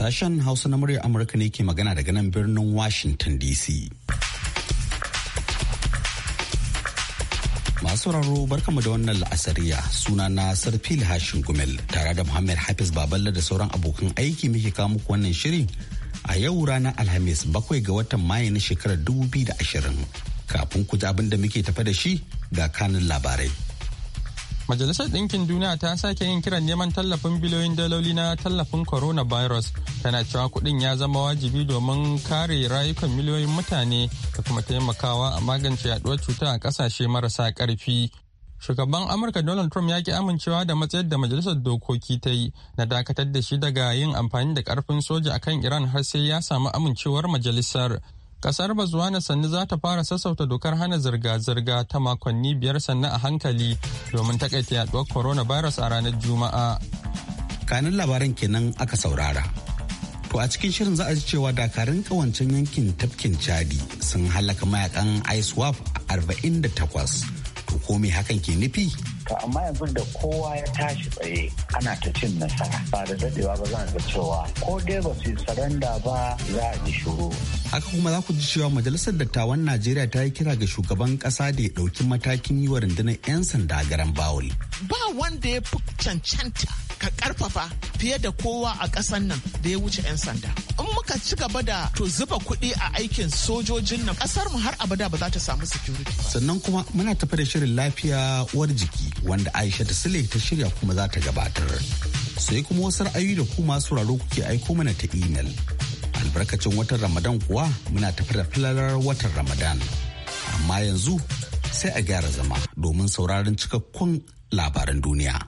sashen Hausa na murya Amurka ne ke magana daga nan birnin Washington DC. Masu raro barkamu da wannan la'asariya suna na Sarfil Hashin Gumel tare da Muhammad Hafiz Baballa da sauran abokan aiki muke kawo muku wannan shirin a yau ranar Alhamis bakwai ga watan Mayu na shekarar 2020. Kafin ku ji abin da muke tafa da shi ga kanin labarai. Majalisar Ɗinkin Duniya ta sake yin kiran neman tallafin biliyoyin daloli na tallafin coronavirus tana cewa kuɗin ya zama wajibi domin kare rayukan miliyoyin mutane da kuma taimakawa a magance yaduwar cuta a ƙasashe marasa ƙarfi. Shugaban Amurka Donald Trump ya ki amincewa da matsayar da majalisar dokoki ta yi na dakatar da shi daga yin amfani da karfin soja akan Iran har sai ya samu amincewar majalisar. Kasar Bazuwana sannu za ta fara sassauta dokar hana zirga-zirga ta makonni biyar sannu a hankali domin takaita yaduwar coronavirus a ranar Juma'a. Kanin labaran kenan aka saurara. To a cikin shirin za a ji cewa dakarun kawancin yankin tafkin Chadi sun halaka mayakan da 48. To ko me hakan ke nufi? to amma yanzu da kowa ya tashi tsaye ana ta cin nasara ba da daɗewa ba za ga cewa ko dai ba su saranda ba za a ji shuru haka kuma za ku ji cewa majalisar dattawan najeriya ta yi kira ga shugaban kasa da ya ɗauki matakin yi wa rundunar 'yan sanda garan bawul ba wanda ya fi cancanta ka karfafa fiye da kowa a ƙasan nan da ya wuce 'yan sanda in muka ci gaba da to zuba kuɗi a aikin sojojin nan ƙasar mu har abada ba za ta samu security sannan kuma muna tafi da shirin lafiya uwar jiki wanda aisha da sule ta shirya kuma za ta gabatar sai kuma wasu ra'ayi da kuma masu raro kuke aiko mana ta imel albarkacin watan ramadan kuwa muna tafi da filalar watan ramadan amma yanzu sai a gyara zama domin sauraron cikakkun labaran duniya.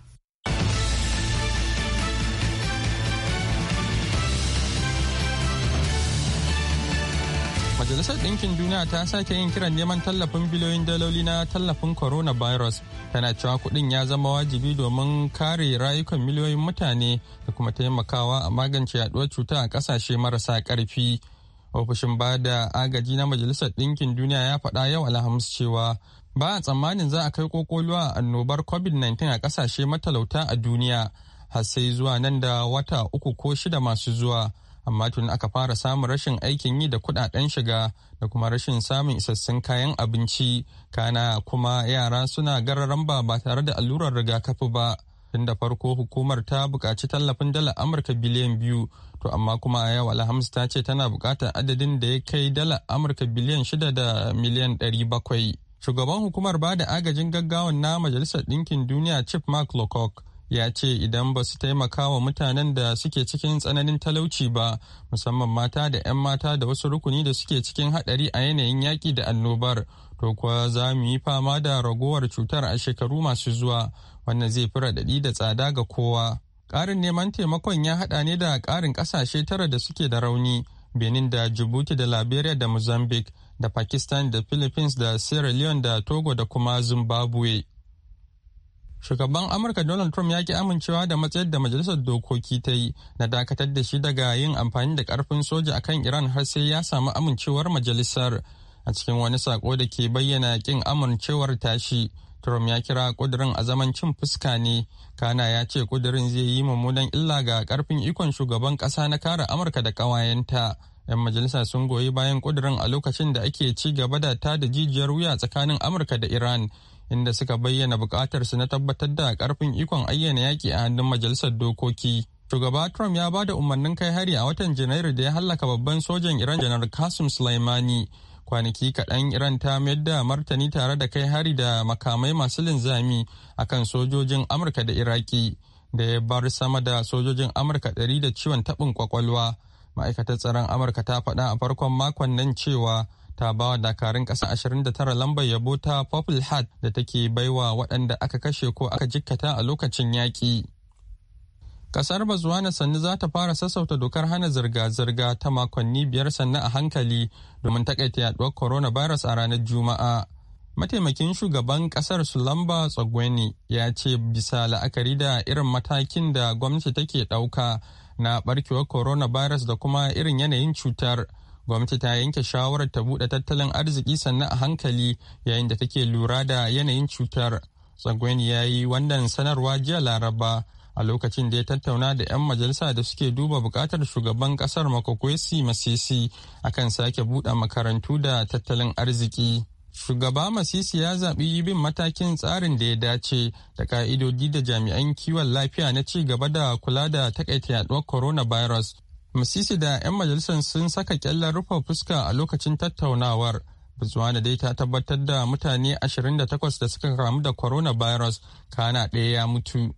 Majalisar Ɗinkin Duniya ta sake yin kiran neman tallafin biliyoyin daloli na tallafin coronavirus tana cewa kuɗin ya zama wajibi domin kare rayukan miliyoyin mutane da kuma taimakawa a magance yaduwar cuta a kasashe marasa ƙarfi. Ofishin ba da agaji na Majalisar Ɗinkin Duniya ya faɗa yau Alhamis cewa ba a tsammanin za a kai a annobar COVID-19 a ƙasashe matalauta a duniya har sai zuwa nan da wata uku ko shida masu zuwa. amma tun aka fara samun rashin aikin yi da kudaden shiga da kuma rashin samun isassun kayan abinci kana kuma yara suna gararan ba ba tare da allurar rigakafi ba tun da farko hukumar ta bukaci tallafin dala amurka biliyan biyu to amma kuma a yau alhamis ta ce tana bukatar adadin da ya kai dala amurka biliyan shida da miliyan ɗari bakwai shugaban hukumar ba da agajin gaggawan na majalisar ɗinkin duniya chief mark lowcock ya ce idan ba su taimaka wa mutanen da suke cikin tsananin talauci ba musamman mata da 'yan mata da wasu rukuni da suke cikin haɗari a yanayin yaƙi da annobar to kuwa za mu yi fama da ragowar cutar a shekaru masu zuwa wannan zai fi raɗaɗi da tsada ga kowa Karin neman taimakon ya haɗa ne da ƙarin ƙasashe tara da suke da rauni benin da djibouti da liberia da mozambique da pakistan da philippines da sierra leone da togo da kuma zimbabwe shugaban amurka donald trump ya ki amincewa da matsayar da majalisar dokoki ta yi na dakatar da shi daga yin amfani da karfin soja akan iran har sai ya samu amincewar majalisar a cikin wani sako da ke bayyana kin amincewar tashi trump ya kira kudirin a zaman cin fuska ne kana ya ce kudirin zai yi mummunan illa ga karfin ikon shugaban kasa na kare amurka da kawayenta 'yan majalisa sun goyi bayan kudirin a lokacin da ake ci gaba da tada jijiyar wuya tsakanin amurka da iran inda suka bayyana bukatar su na tabbatar da karfin ikon ayyana yaki a hannun majalisar dokoki shugaba trump ya ba da umarnin kai hari a watan janairu da ya hallaka babban sojan iran janar kasim sulaimani kwanaki kaɗan iran ta mayar da martani tare da kai hari da makamai masu linzami akan sojojin amurka da iraki da ya bar sama da sojojin amurka ɗari da ciwon taɓin kwakwalwa ma'aikatar tsaron amurka ta faɗa a farkon makon nan cewa ta ba wa dakarun ƙasa 29 lambar yabo ta Purple Heart da take baiwa waɗanda aka kashe ko aka jikkata a lokacin yaƙi. Kasar Bazuwana sannu za ta fara sassauta dokar hana zirga-zirga ta makonni biyar sannu a hankali domin takaita yaduwar coronavirus a ranar Juma'a. Mataimakin shugaban kasar Sulamba Tsogweni ya ce bisa la'akari da irin matakin da gwamnati take ɗauka na barkewar coronavirus da kuma irin yanayin cutar. gwamnati ta yanke shawarar ta buɗe tattalin arziki sannan a hankali yayin da take lura da yanayin cutar tsagwen ya yi wannan sanarwa jiya laraba a lokacin da ya tattauna da 'yan majalisa da suke duba bukatar shugaban kasar makokwesi masisi akan sake buɗe makarantu da tattalin arziki shugaba masisi ya zaɓi bin matakin tsarin da ya dace da ka'idodi da jami'an kiwon lafiya na ci gaba da kula da takaita yaduwar coronavirus Masisi da 'yan majalisar sun saka kyallar rufa fuska a lokacin tattaunawar. Botswana dai ta tabbatar da mutane 28 da suka kamu da coronavirus kana ɗaya ya mutu.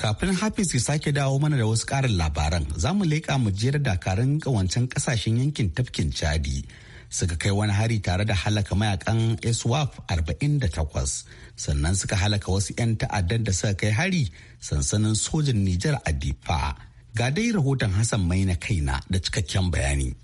Kafin Hafiz ya sake dawo mana da wasu ƙarin labaran, za mu leƙa mu jera dakarun ƙawancen ƙasashen yankin tafkin Chadi. suka kai wani hari tare da halaka mayakan SWAP 48 sannan suka halaka wasu 'yan ta'addan da suka kai hari sansanin sojin nijar a difa ga dai rahoton hassan mai na kaina da cikakken bayani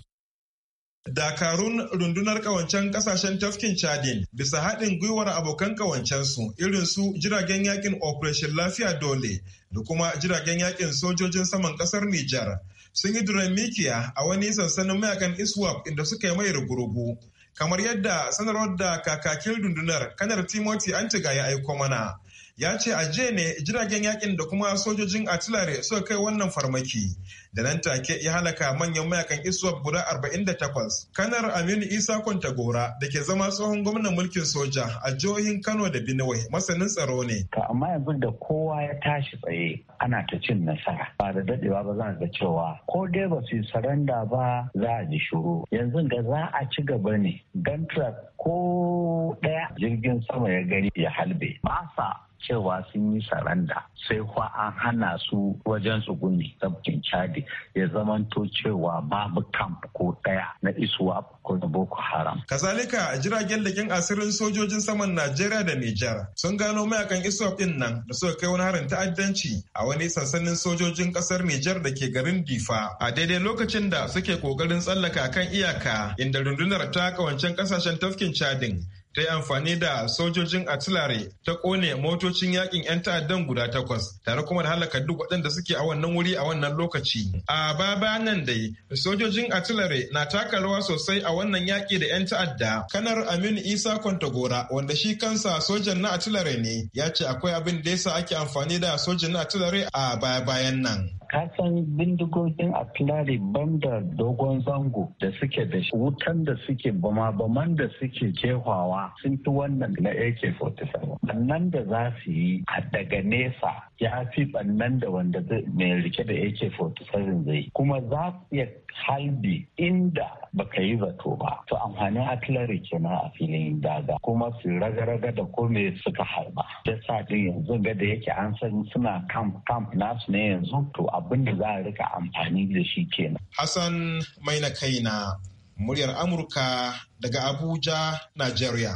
Dakarun rundunar kawancen kasashen tafkin Chadin bisa haɗin gwiwar abokan kawancensu irin su jiragen yakin Operation Lafiya Dole da kuma jiragen yakin sojojin saman ƙasar Nijar sun yi duran mikiya a wani sansanin mayakan iswap inda suka yi mai rugurugu kamar yadda sanarwar da kakakin rundunar kanar timothy antiga ya aiko mana ya ce a jiya ne jiragen yakin da kuma sojojin artillery suka kai wannan farmaki da nan take ya halaka manyan mayakan isuwa guda 48 kanar aminu isa kwantagora da ke zama tsohon gwamnan mulkin soja a jihohin kano da benue masanin tsaro ne amma yanzu da kowa ya tashi tsaye ana ta cin nasara ba da dadewa ba za ga cewa ko dai ba su yi saranda ba za a ji shuru yanzu ga za a ci gaba ne gantrak ko daya jirgin sama ya gani ya halbe sa. cewa sun yi saranda sai kuwa an hana su wajen tsuguni tsabkin chadi ya zamanto cewa babu kamp ko daya na isuwa ko na boko haram kazalika a jiragen leƙen asirin sojojin saman najeriya da nijar sun gano mayakan isuwa din nan da suka kai wani harin ta'addanci a wani sansanin sojojin kasar nijar da ke garin difa a daidai lokacin da suke kokarin tsallaka kan iyaka inda rundunar ta kawancen kasashen tafkin chadin ta yi amfani da sojojin artillery ta kone motocin yakin 'yan ta'addan guda takwas tare kuma da halaka duk waɗanda suke a wannan wuri a wannan lokaci. A baba nan dai sojojin artillery na taka rawa sosai a wannan yaƙi da 'yan ta'adda. Kanar Aminu Isa Kwantagora wanda shi kansa sojan na artillery ne ya ce akwai abin da ya sa ake amfani da sojan na artillery a baya-bayan nan. Ka kasan bindigogin ban da dogon zango da suke da wutan da suke bama baman da suke jefawa sun fi wannan na ak-47 bannan da za su yi a daga nesa ya fi bannan da wanda mai rike da ak-47 zai kuma za su iya halbi inda baka yi zato ba to amfanin atlari kenan a filin daga kuma su raga-raga da kome suka harba yasa din yanzu ga da yake an san suna camp camp nasu ne yanzu to abin da za a rika amfani da shi kenan hassan mai na kaina muryar amurka daga abuja nigeria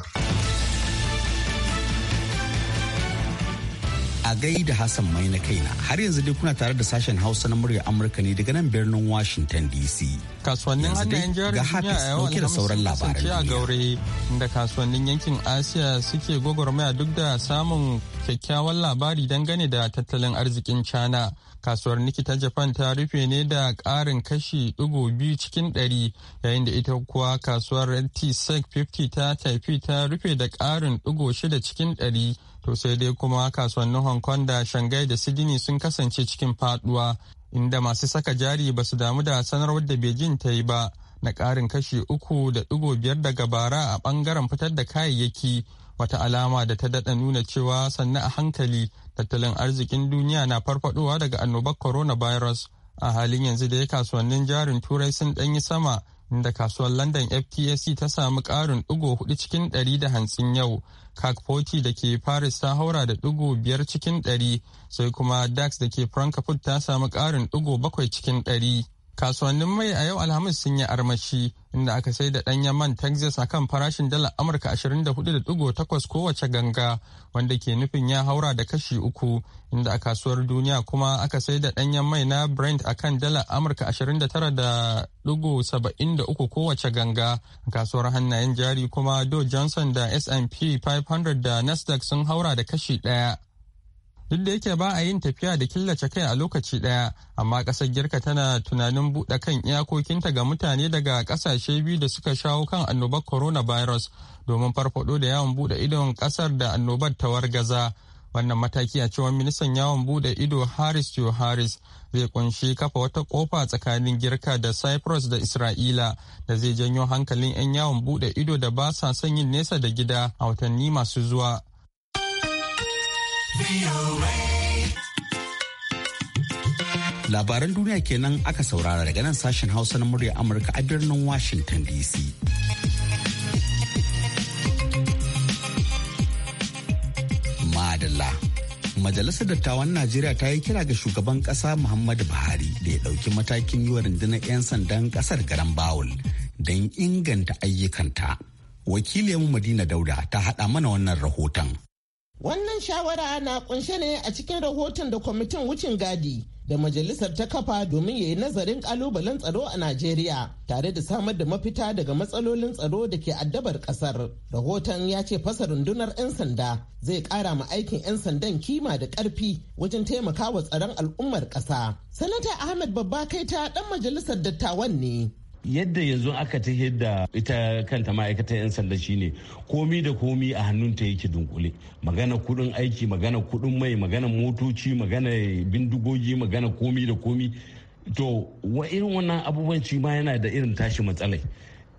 a gaida Hassan mai na kaina har yanzu dai kuna tare da sashen Hausa na murya Amurka ne daga nan birnin Washington DC. Kasuwannin hannayen jihar duniya a yawan da sauran labaran a gaure da kasuwannin yankin Asiya suke gwagwarmaya duk da samun kyakkyawan labari dangane da tattalin arzikin China. Kasuwar Niki ta Japan ta rufe ne da ƙarin kashi ɗigo biyu cikin ɗari yayin da ita kuwa kasuwar t 50 ta taifi ta rufe da karin ɗigo shida cikin ɗari. To sai dai kuma kasuwannin Hong Kong da Shanghai da Sydney sun kasance cikin faduwa inda masu saka jari ba su damu da sanarwar da Beijing ta yi ba na ƙarin kashi uku da ɗigo biyar daga bara a ɓangaren fitar da kayayyaki wata alama da ta daɗa nuna cewa sannu a hankali tattalin arzikin duniya na farfadowa daga annobar coronavirus a halin yanzu da ya kasuwannin jarin turai sun ɗanyi sama inda kasuwar London ftsc ta samu karin ɗigo hudu cikin ɗari da hantsin yau, CAC 40 da ke Paris ta haura da ɗigo biyar cikin ɗari, sai kuma DAX da ke Frankfurt ta samu karin ɗigo bakwai cikin ɗari. kasuwannin mai a yau alhamis sun yi armashi inda aka sai da ɗanyen man texas a kan farashin dalar amurka 24.8 kowace ganga wanda ke nufin ya haura da kashi uku inda a kasuwar duniya kuma aka sai da ɗanyen mai na brent a kan dalar amurka 29.73 kowace ganga a kasuwar hannayen jari kuma do johnson da S&P 500 da nasdaq sun haura da kashi ɗaya. duk da yake ba a yin tafiya da killace kai a lokaci daya amma kasar girka tana tunanin buɗe kan iyakokinta ga mutane daga ƙasashe biyu da suka shawo kan annobar coronavirus domin farfaɗo da yawon buɗe idon ƙasar da annobar ta wargaza wannan mataki a cewar ministan yawon buɗe ido haris jo haris zai kunshi kafa wata kofa tsakanin girka da cyprus da isra'ila da zai janyo hankalin 'yan yawon buɗe ido da ba sa son yin nesa da gida a watanni masu zuwa Labaran duniya kenan aka saurara daga nan sashen Hausa na murya Amurka a birnin Washington DC. Madalla. Majalisar Dattawan Najeriya ta yi kira ga shugaban ƙasa Muhammadu Buhari da ya ɗauki matakin yi wa rundunar 'yan sandan ƙasar garan Bawul don inganta ayyukanta. Wakiliyar Madina Dauda ta haɗa mana wannan rahoton. Wannan shawara na kunshe ne a cikin rahoton da kwamitin wucin gadi da majalisar ta kafa domin ya yi nazarin kalubalen tsaro a Najeriya tare da samar da mafita daga matsalolin tsaro da ke addabar kasar. Rahoton ya ce fasa rundunar 'yan sanda zai kara ma aikin 'yan sandan kima da karfi wajen taimakawa tsaron al'ummar kasa. Sanata Ahmed Babba kai ta dan majalisar dattawan ne. yadda yanzu aka ta da ita kanta ma'aikatar 'yan sanda shine komi da komi a hannunta yake dunkule magana kudin aiki magana kudin mai magana motoci magana bindigogi magana komi da komi to wa irin wannan abubuwan shi ma yana da irin tashi matsalai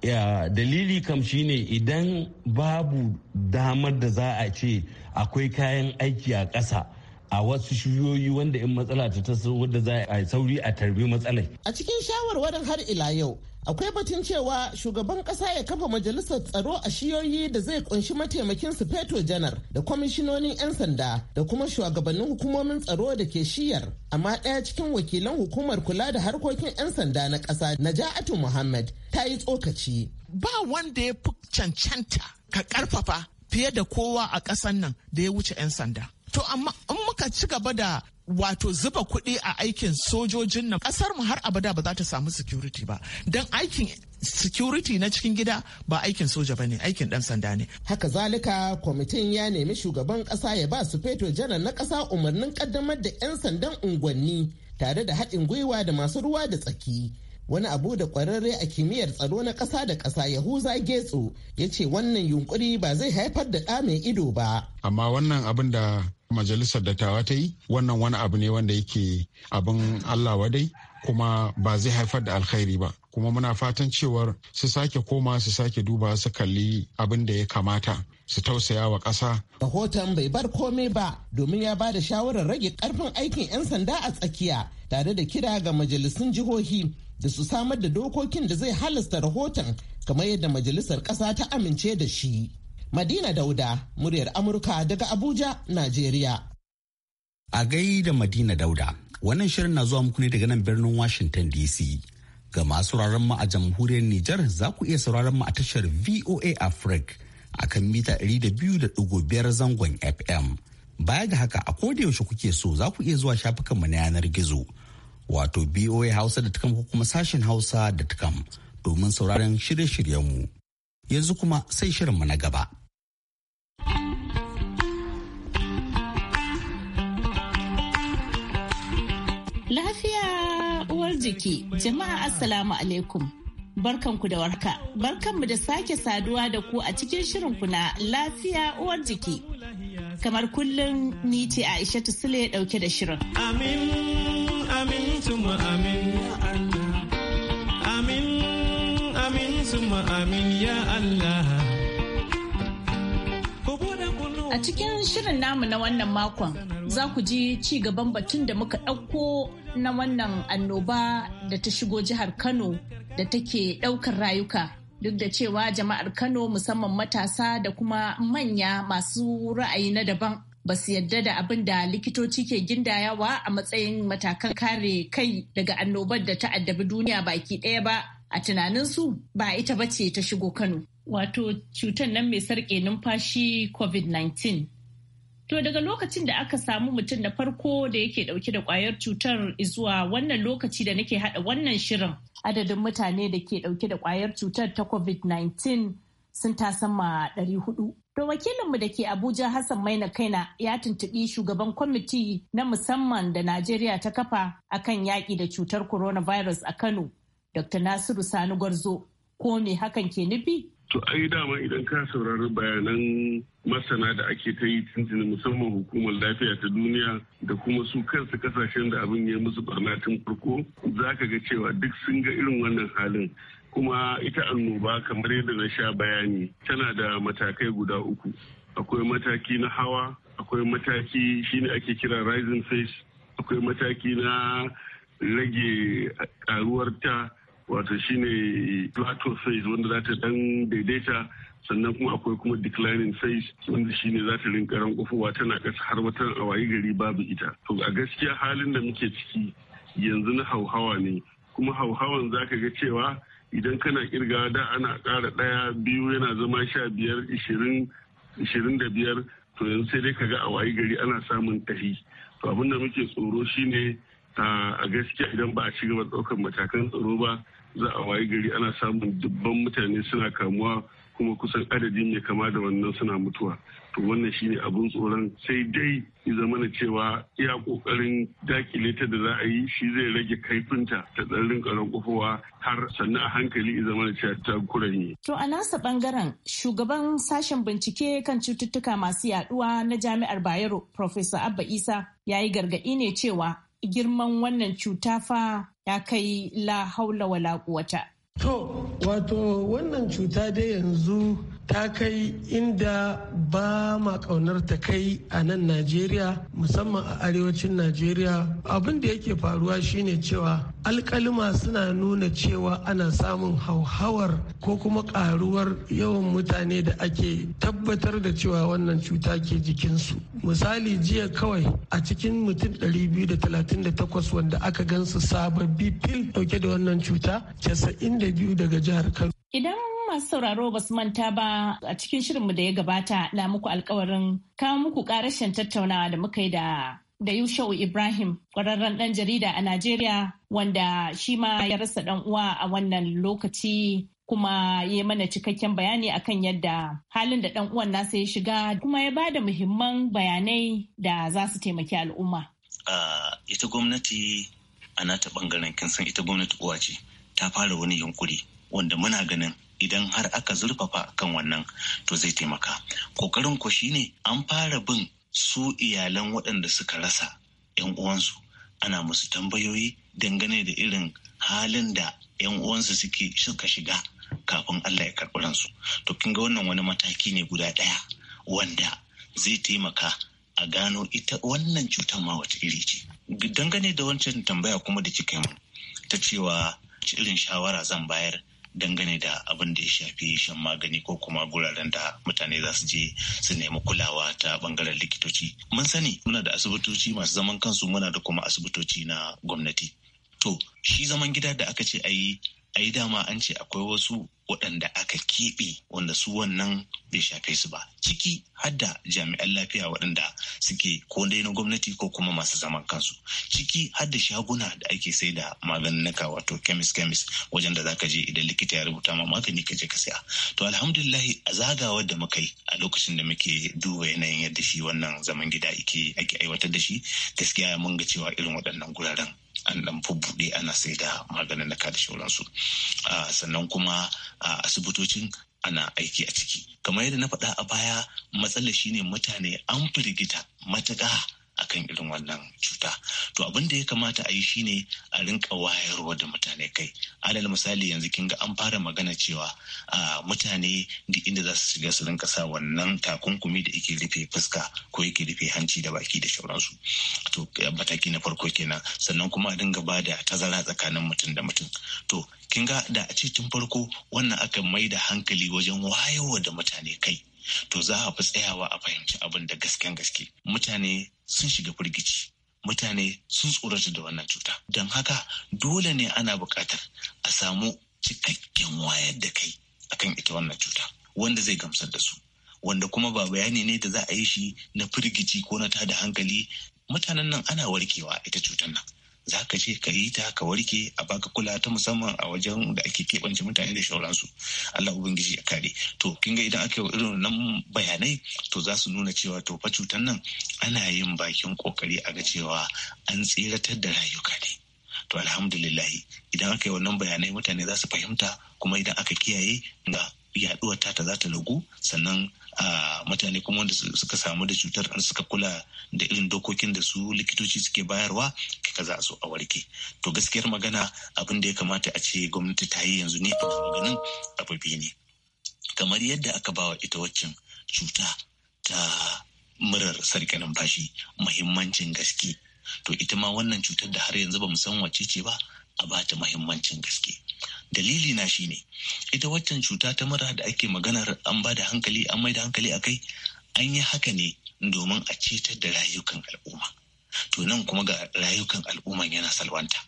dalili kam shine idan babu damar da za a ce akwai kayan aiki a ƙasa a wasu shiyoyi wanda in matsala ta taso wadda za a sauri a tarbi matsalai. A cikin shawarwarin har ila yau akwai batun cewa shugaban kasa ya kafa majalisar tsaro a shiyoyi da zai kunshi mataimakin su feto janar da kwamishinonin 'yan sanda da kuma shugabannin hukumomin tsaro da ke shiyar amma ɗaya cikin wakilan hukumar kula da harkokin 'yan sanda na ƙasa naja'atu muhammad ta yi tsokaci ba wanda ya fi cancanta ka ƙarfafa fiye da kowa a ƙasan nan da ya wuce 'yan sanda to amma in aka ci gaba da wato zuba kuɗi a aikin sojojin nan ƙasar mu har abada ba za ta samu security ba don aikin security na cikin gida ba aikin soja ba ne aikin ɗan sanda ne. Haka zalika kwamitin ya nemi shugaban ƙasa ya ba su feto janar na ƙasa umarnin ƙaddamar da 'yan sandan unguwanni tare da haɗin gwiwa da masu ruwa da tsaki. wani abu da kwararre a kimiyyar tsaro na ƙasa da ƙasa yahuza getso ya ce wannan yunkuri ba zai haifar da ɗa mai ido ba amma wannan abin da majalisar dattawa ta yi wannan wani abu ne wanda yake abin allah wadai kuma ba zai haifar da alkhairi ba kuma muna fatan cewar su sake koma su sake duba su kalli abin da ya kamata su tausaya wa ƙasa. rahoton bai bar komai ba domin ya ba da shawarar rage karfin aikin 'yan sanda a tsakiya tare da kira ga majalisun jihohi da su samar da dokokin da zai halasta rahoton kamar yadda majalisar ƙasa ta amince da shi. Madina Dauda, muryar Amurka daga Abuja, Najeriya. A gai da Madina Dauda, wannan shirin na zuwa muku ne daga nan birnin Washington DC. Ga masu mu a jamhuriyar Nijar za ku iya sauraron mu a tashar VOA Africa a kan mita 200.5 zangon FM. Baya ga haka a koda yaushe kuke so za ku iya zuwa shafukanmu na yanar gizo. Wato BOA Hausa da tukam ko kuma sashen Hausa da tukam domin sauraron shirye-shiryenmu. Yanzu kuma sai shirin mu na gaba. Lafiya uwar jiki, jama'a Assalamu alaikum. Barkanku da warka, barkanmu da sake saduwa da ku a cikin shirinku na lafiya uwar jiki. Kamar kullum ni ce Aishatu Sule dauke da shirin. Amin, amin, tuma amin ya Allah. Amin, amin, tuma amin ya Allah. A cikin shirin namu na wannan makon za ku ji ci gaban batun da muka ɗauko na wannan annoba da ta shigo jihar Kano da take ɗaukar rayuka. Duk da cewa jama'ar Kano musamman matasa da kuma manya masu ra'ayi na daban ba su yadda da abin da likitoci ke gindayawa a matsayin matakan kare kai daga annobar da ta addabi duniya baki ɗaya ba a tunaninsu ba ita ba ce ta shigo Kano. wato cutar nan mai sarƙe numfashi covid-19 to daga lokacin da aka samu mutum na farko da yake ɗauke da kwayar cutar zuwa wannan lokaci da nake haɗa wannan shirin adadin mutane da ke ɗauke da ƙwayar cutar ta covid-19 sun ta sama 400 To wakilinmu da ke Abuja Hassan Maina Kaina ya tuntuɓi shugaban kwamiti na musamman da Najeriya ta kafa akan yaƙi da cutar coronavirus a Kano, Dr. Nasiru Sani Gwarzo, ko me hakan ke nufi? To ai dama idan ka saurari bayanan masana da ake ta yi tuntuni musamman hukumar lafiya ta duniya da kuma su kansu kasashen da abin ya musu barna tun farko za ka ga cewa duk sun ga irin wannan halin kuma ita annoba kamar yadda na sha bayani tana da matakai guda uku akwai mataki na hawa akwai mataki shine ake kira rising face akwai mataki na rage karuwar ta wato shine plateau phase wanda za ta dan daidaita sannan kuma akwai kuma declining phase wanda shine za ta rinka rankofowa tana kasa har wata awayi gari babu ita to a gaskiya halin da muke ciki yanzu na hauhawa ne kuma hauhawan za ka ga cewa idan kana kirgawa da ana kara ɗaya biyu yana zama sha biyar ishirin da biyar to yanzu sai dai ka ga awayi gari ana samun tahi to abin da muke tsoro shine a gaskiya idan ba a ci gaba ɗaukar matakan tsaro ba za a wayi gari ana samun dubban mutane suna kamuwa kuma kusan adadin mai kama da wannan suna mutuwa to wannan shine abun tsoron sai dai ya zama na cewa iya kokarin dakile ta da za a yi shi zai rage kaifinta ta dan rinka rankofowa har sannan a hankali ya zama na cewa ta kuranye. To a nasa bangaren shugaban sashen bincike kan cututtuka masu yaduwa na jami'ar Bayero Professor Abba Isa ya yi gargaɗi ne cewa girman wannan cuta fa ya kai la haula wala kuwata. To, wato wannan cuta dai yanzu ta kai inda ba ma kaunar ta kai a nan najeriya musamman a arewacin najeriya abin da yake faruwa shine cewa alkalima suna nuna cewa ana samun hauhawar ko kuma karuwar yawan mutane da ake tabbatar da cewa wannan cuta ke jikinsu misali jiya kawai a cikin mutum 238 wanda aka gansu sababbi fil dauke da wannan cuta 92 daga jihar kano Idan masu sauraro ba su manta ba a cikin shirinmu da ya gabata na muku alkawarin kawo muku karashin tattaunawa da muka yi da da Yushau Ibrahim ƙwararren ɗan jarida a Najeriya wanda shi ma ya rasa ɗan uwa a wannan lokaci kuma ya mana cikakken bayani akan yadda halin da ɗan uwan nasa ya shiga kuma ya ba da muhimman bayanai da za su taimaki al'umma. ita gwamnati a nata bangaren kinsan ita gwamnati uwa ce ta fara wani yunkuri wanda muna ganin idan har aka zurfafa kan wannan to zai taimaka ƙoƙarin ku ne an fara bin su iyalan waɗanda suka rasa 'yan uwansu ana musu tambayoyi dangane da irin halin da 'yan uwansu suke suka shiga kafin Allah ya karɓi ransu to kin ga wannan wani mataki ne guda ɗaya wanda zai taimaka a gano ita wannan cutar ma wata iri ce dangane da wancan tambaya kuma da kika yi ta cewa irin shawara zan bayar dangane da abin da ya shafi shan magani ko kuma guraren da mutane za su je su nemi kulawa ta bangaren likitoci mun sani muna da asibitoci masu zaman kansu muna da kuma asibitoci na gwamnati to shi zaman gida da aka ce a yi ai dama an ce akwai wasu waɗanda aka keɓe wanda su wannan bai shafe su ba ciki hadda jami'an lafiya waɗanda suke ko dai na gwamnati ko kuma masu zaman kansu ciki hadda shaguna da ake sai da maganinaka wato kemis kemis wajen da zaka je idan likita ya rubuta ma magani ka je ka saya to alhamdulillah a zagawar da muka yi a lokacin da muke duba yanayin yadda shi wannan zaman gida ake aiwatar da shi gaskiya mun ga cewa irin waɗannan guraren an dan buɗe ana sai da maganin naka da shauransu sannan kuma a asibitocin ana aiki a ciki kamar yadda na faɗa a baya matsalar shine mutane an firgita matuƙa akan irin wannan cuta to abin da ya kamata a yi shine a rinka wayarwa da mutane kai alal misali yanzu kin ga an fara magana cewa mutane da inda za su shiga su rinka sa wannan takunkumi da yake rufe fuska ko yake rufe hanci da baki da sauransu to mataki na farko kenan sannan kuma a dinga ba da tazara tsakanin mutum da mutum to kin ga da a ce tun farko wannan aka mai da hankali wajen wayarwa da mutane kai to za a fi tsayawa a fahimci abin da gasken gaske mutane sun shiga firgici mutane sun tsorata da wannan cuta don haka dole ne ana buƙatar a samu cikakken wayar da kai akan ita wannan cuta wanda zai gamsar da su wanda kuma ba bayani ne da za a yi shi na firgici ko na tada hankali mutanen nan ana warkewa ita cutar nan za ka je ka yi ta ka warke a baka kula ta musamman a wajen da ake keɓance mutane da shauransu Allah ubangiji ya kare to kin ga idan aka yi irin nan bayanai to za su nuna cewa to fa cutar nan ana yin bakin kokari a ga cewa an tsiratar da rayuka ne to alhamdulillahi idan aka yi wannan bayanai mutane za su fahimta kuma idan aka kiyaye ga yaduwar ta ta za ta ragu sannan a mutane kuma wanda suka samu da cutar an suka kula da irin dokokin da su likitoci suke bayarwa kika za su a warke to gaskiyar magana abin da ya kamata a ce gwamnati ta yi yanzu ne a maganin abu biyu ne kamar yadda aka ba wa ita waccan cuta ta murar sarki numfashi muhimmancin gaske to ita ma wannan cutar da har yanzu ba mu san wacce ce ba a ba ta muhimmancin gaske dalili na shi ne, ita waccan cuta ta mura da ake maganar an ba da hankali an mai da hankali a kai an yi haka ne domin a cetar da rayukan al'umma to nan kuma ga rayukan al'umma yana salwanta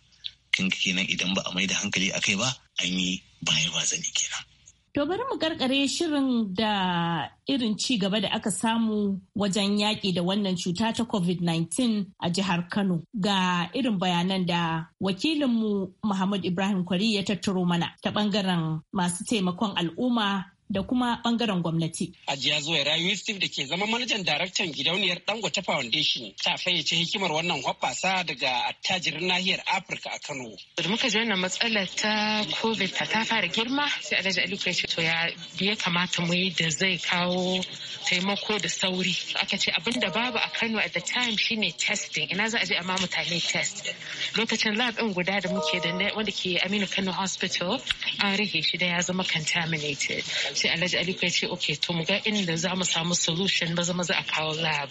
kin kenan idan ba a mai da hankali a kai ba an yi baya ba kenan To bari mu karkare shirin da irin ci gaba da aka samu wajen yaƙi da wannan cuta ta COVID-19 a jihar Kano ga irin bayanan da wakilinmu Muhammad Ibrahim Kwari ya tattaro mana ta ɓangaren masu taimakon al'umma da kuma bangaren gwamnati. Ajiya rayu Steve da ke zama manajan daraktan gidauniyar Dangote Foundation ta fayyace hikimar wannan hoɓɓasa daga attajirin nahiyar Afirka a Kano. Da muka ji wannan matsalar ta COVID ta fara girma sai Alhaji Ali ya ce to ya ya kamata mu yi da zai kawo taimako da sauri. Aka ce abin da babu a Kano at the time shine testing ina za a je a ma mutane test. Lokacin lab ɗin guda da muke da wanda ke Aminu Kano Hospital an rage shi da ya zama contaminated. sai alhaji ali ya ce ok to mu ga inda za mu samu solution maza maza a kawo lab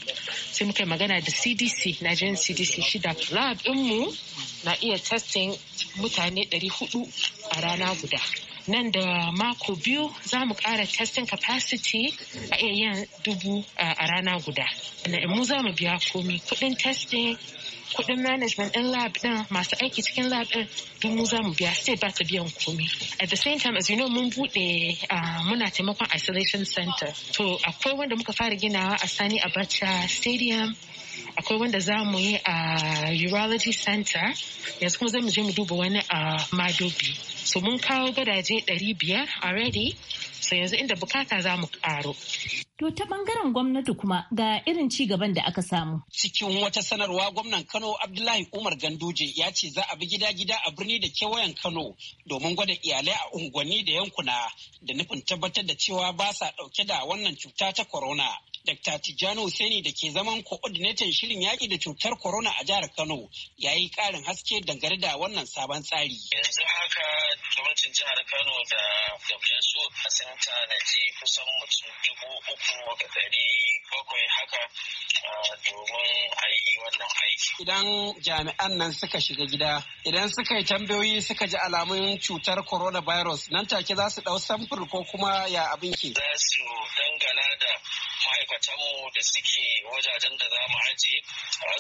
sai muka magana da cdc nigerian cdc shida lab mu na iya testing mutane 400 a rana guda nan da mako biyu za mu kara testing capacity a iya yin dubu a rana guda na mu za mu biya komi kudin testing kuɗin management ɗin lab ɗin masu aiki cikin lab ɗin duk mu za mu biya state ba ta biyan komi at the same time as you know mun buɗe muna taimakon isolation center to akwai wanda muka fara ginawa a uh, sani abacha stadium akwai wanda za mu yi a uh, urology center yanzu kuma mu je mu duba wani a uh, madobi so mun kawo gadaje 500 already so yanzu inda bukata za mu karo To ta bangaren gwamnati kuma ga irin ci gaban da aka samu. Cikin wata sanarwa gwamnan Kano Abdullahi Umar Ganduje ya ce za a bi gida-gida a birni da kewayen Kano domin gwada iyalai a unguwanni da yankuna da nufin tabbatar da cewa ba sa ɗauke da wannan cuta ta corona. Dr. Tijjani Hussaini da ke zaman coordinator shirin yaƙi da cutar corona a jihar Kano ya yi ƙarin haske dangane da wannan sabon tsari. Yanzu haka gwamnatin jihar Kano da WHO sun tanaji kusan mutum dubu uku da ɗari bakwai haka domin a yi wannan aiki. Idan jami'an nan suka shiga gida, idan suka yi tambayoyi suka ji alamun cutar coronavirus nan take za su ɗau samfur ko kuma ya abin ke. Za su dangana da ma'aikata mu da suke wajajen da za mu ajiye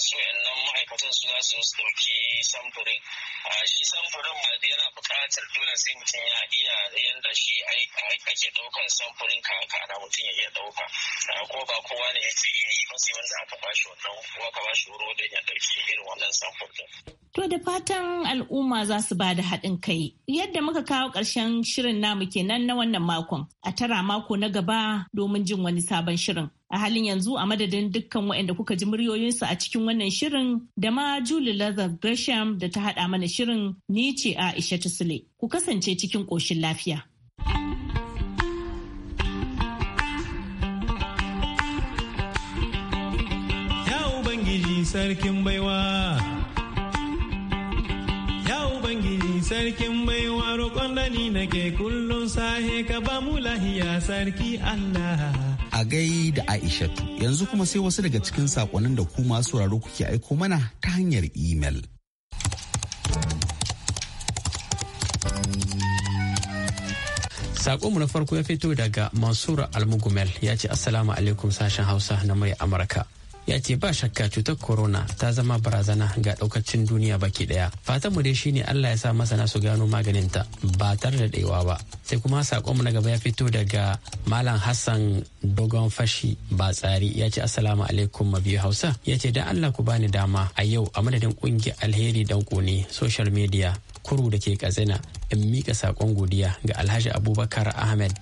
su nan ma'aikatan su za su ɗauki samfurin shi samfurin ma yana buƙatar dole sai mutum ya iya yadda shi ake ɗaukan samfurin kaka na mutum ya iya ɗauka ko ba kowa ne yake yi ba sai wanda aka bashi wannan ko aka bashi wuro da ya ɗauki irin wannan samfurin. To da fatan al'umma za su ba da haɗin kai yadda muka kawo ƙarshen shirin namu kenan na wannan makon a tara mako na gaba domin jin wani sabon shirin. a halin yanzu a madadin dukkan waɗanda kuka ji muryoyinsu a cikin wannan shirin da ma Julie Lazar Gresham da ta haɗa mana shirin ni ce a Aisha Sule. Ku kasance cikin ƙoshin lafiya. Ya Ubangiji sarkin baiwa. Ya Ubangiji sarkin baiwa roƙon da ni nake kullum sahe ka ba mu lahiya sarki Allah. Agai da aishatu yanzu kuma sai wasu daga cikin sakonnin da ku masu sauraro kuke aiko mana ta hanyar imel. Sakonmu na farko ya fito daga Mansura Almugumel ya ce Assalamu alaikum sashen Hausa na murya Amurka. ya ce ba shakka cutar corona ta zama barazana ga daukacin duniya baki daya fatan mu dai shine Allah ya sa masana su gano maganin ta ba tar da daiwa ba sai kuma sakon mu na gaba ya fito daga malam Hassan dogon fashi ba tsari ya ce assalamu alaikum biyu Hausa ya ce dan Allah ku bani dama a yau a madadin kungiyar alheri dan kuni social media kuru da ke ƙazina in mika sakon godiya ga Alhaji Abubakar Ahmed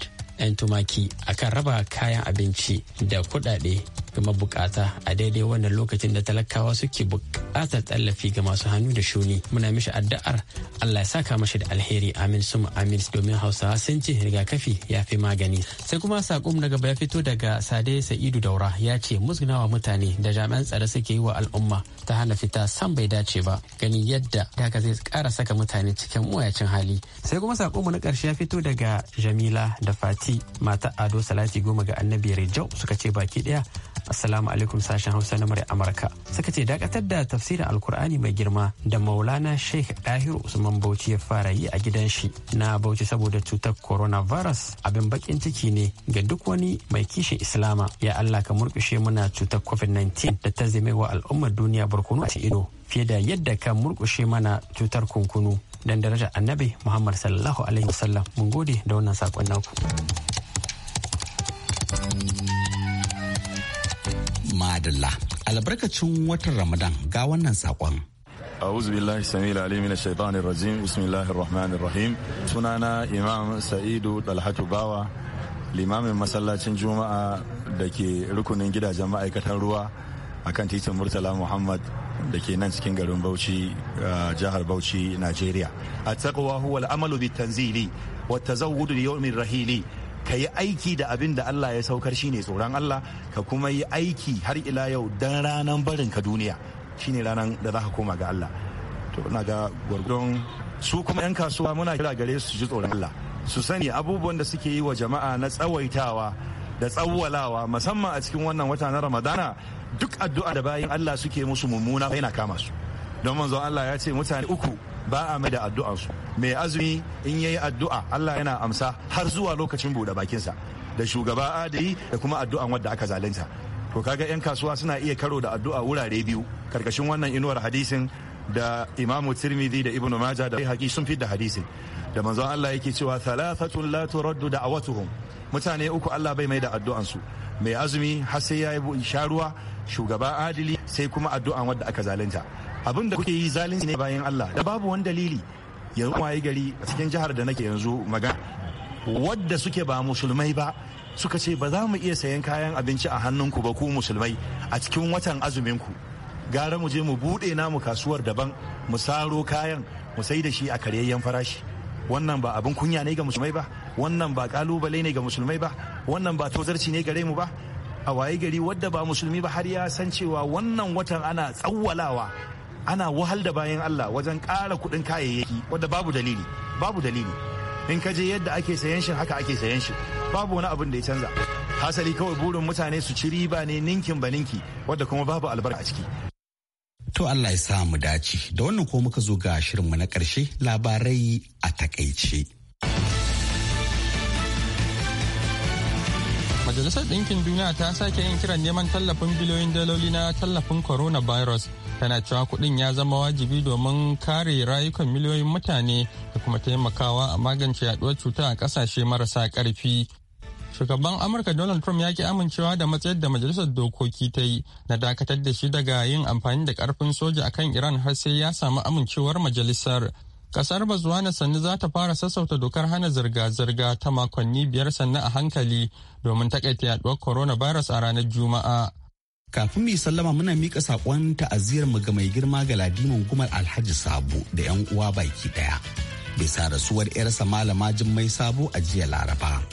'yan tumaki akan raba kayan abinci da kuɗaɗe ga mabukata a daidai wannan lokacin da talakawa suke buƙatar tallafi ga masu hannu da shuni muna mishi addu'ar Allah ya saka mashi da alheri amin suma amin domin hausawa sun ce rigakafi ya fi magani sai kuma sakon na gaba ya fito daga sade sa'idu daura ya ce musgunawa mutane da jami'an tsare suke yi wa al'umma ta hana fita san bai dace ba gani yadda haka zai ƙara saka mutane cikin mawayacin hali sai kuma sakon na karshe ya fito daga jamila da fati salati mata ado salati goma ga annabi rijau suka ce baki daya assalamu alaikum sashen hausa na murya amurka suka ce dakatar da tafsirin alkur'ani mai girma da maulana sheikh dahiru usman bauchi ya fara yi a gidan shi na bauchi saboda cutar coronavirus abin bakin ciki ne ga duk wani mai kishin islama ya allah ka murkushe muna cutar covid-19 da ta zame wa al'ummar duniya barkono a ido fiye da yadda ka murkushe mana cutar kunkunu don darajar annabi muhammad sallallahu alaihi wasallam mun gode da wannan sakon naku madalla albarkacin watan ramadan ga wannan sakon أعوذ بالله السميع العليم من الشيطان الرجيم بسم الله الرحمن الرحيم سنانا إمام سعيد طلحة باوا لإمام masallacin جمعة لكي ke rukunin gidajen ma'aikatan ruwa akan titin murtala muhammad da ke nan cikin garin Bauchi jihar Bauchi Najeriya A taqwa huwa al-amalu bit-tanzili wa tazawwudu li rahili ka yi aiki da abin da Allah ya saukar shine tsoron Allah ka kuma yi aiki har ila yau dan ranar barin ka duniya shine ranar da za ka koma ga Allah to ina ga gwargwadon su kuma yan kasuwa muna kira gare su ji tsoron Allah su sani abubuwan da suke yi wa jama'a na tsawaitawa da tsawwalawa musamman a cikin wannan wata na ramadana duk addu'a da bayan allah suke musu mummuna yana kama su don manzo allah ya ce mutane uku ba a mai da addu'ansu mai azumi in yayi addu'a allah yana amsa har zuwa lokacin buɗe bakinsa da shugaba adadi da kuma addu'an wadda aka zalunta to kaga 'yan kasuwa suna iya karo da addu'a wurare biyu karkashin wannan inuwar hadisin da imamu tirmidhi da ibnu majah da haƙi sun fi da hadisin da manzon Allah yake cewa thalathatun la turaddu da'awatuhum mutane uku Allah bai mai da addu'ansu mai azumi har sai ya yi sharuwa ruwa shugaba adili sai kuma addu'an wadda aka zalunta abin da kuke yi zalunci ne bayan Allah da babu wani dalili yanzu waye gari a cikin jihar da nake yanzu magana wadda suke ba musulmai ba suka ce ba za mu iya sayan kayan abinci a hannunku ba ku musulmai a cikin watan azumin ku gara mu je mu buɗe namu kasuwar daban mu saro kayan mu sai da shi a karyayyen farashi wannan ba abin kunya ne ga musulmai ba wannan ba kalubale ne ga musulmai ba wannan ba tozarci ne gare mu ba a waye gari wadda ba musulmi ba har ya san cewa wannan watan ana tsawwalawa ana wahal da bayan Allah wajen kara kuɗin kayayyaki wadda babu dalili babu dalili in ka je yadda ake sayan shi haka ake sayan shi babu wani abin da ya canza hasali kawai burin mutane su ci riba ne ninkin ba ninki wadda kuma babu albarka a ciki to Allah ya sa mu dace da wannan ko muka zo ga shirin mu na karshe labarai a takaice. Majalisar Ɗinkin Duniya ta sake yin kiran neman tallafin biliyoyin daloli na tallafin coronavirus tana cewa kuɗin ya zama wajibi domin kare rayukan miliyoyin mutane da kuma taimakawa a magance yaduwar cuta a ƙasashe marasa ƙarfi. Shugaban Amurka Donald Trump ya ki amincewa da matsayar da Majalisar Dokoki ta yi na dakatar da shi daga yin amfani da karfin soja akan Iran har sai ya samu amincewar majalisar. Kasar Botswana sannu za ta fara sassauta dokar hana zirga-zirga ta makonni biyar sannu a hankali domin takaita yaduwar coronavirus a ranar Juma'a. Kafin mai sallama muna mika saƙon ta'aziyar mu ga mai girma ga ladimin gumar Alhaji Sabo da 'yan uwa baki ɗaya. Bisa rasuwar 'yarsa malama Jummai Sabo a jiya Laraba.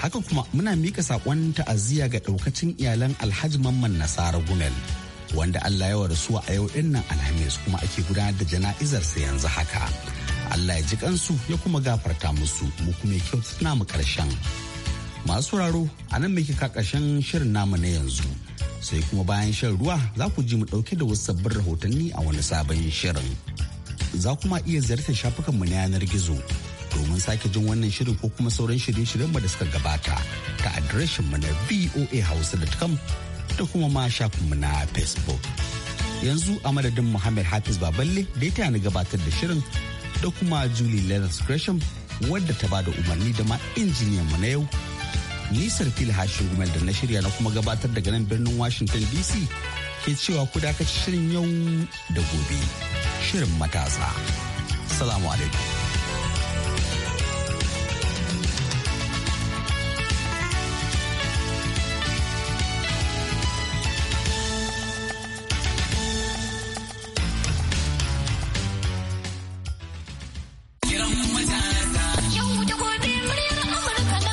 Haka kuma muna mika saƙon ta'aziyya ga ɗaukacin iyalan Alhaji Mamman Nasara Gumel. wanda Allah ya rasu a yau dinnan Alhamis kuma ake gudanar da jana'izar sa yanzu haka. Allah ya ji kansu ya kuma gafarta musu mu kuma ya kyautata mu karshen. Masu raro a nan muke ka karshen shirin namu na yanzu. Sai kuma bayan shan ruwa za ku ji mu dauke da wasu sabbin rahotanni a wani sabon shirin. Za kuma iya ziyartar shafukanmu na yanar gizo domin sake jin wannan shirin ko kuma sauran shirye-shiryen da suka gabata ta adireshin mu na voahausa.com da kuma ma shafinmu na facebook yanzu a madadin muhammad hafiz baballe da ya taya ni gabatar da shirin da kuma julie lennox gresham wadda ta ba da umarni da ma mu na yau nisar fili hashin gumel da na shirya na kuma gabatar daga nan birnin washington dc ke cewa ku dakaci shirin yau da gobe shirin matasa salamu alaikum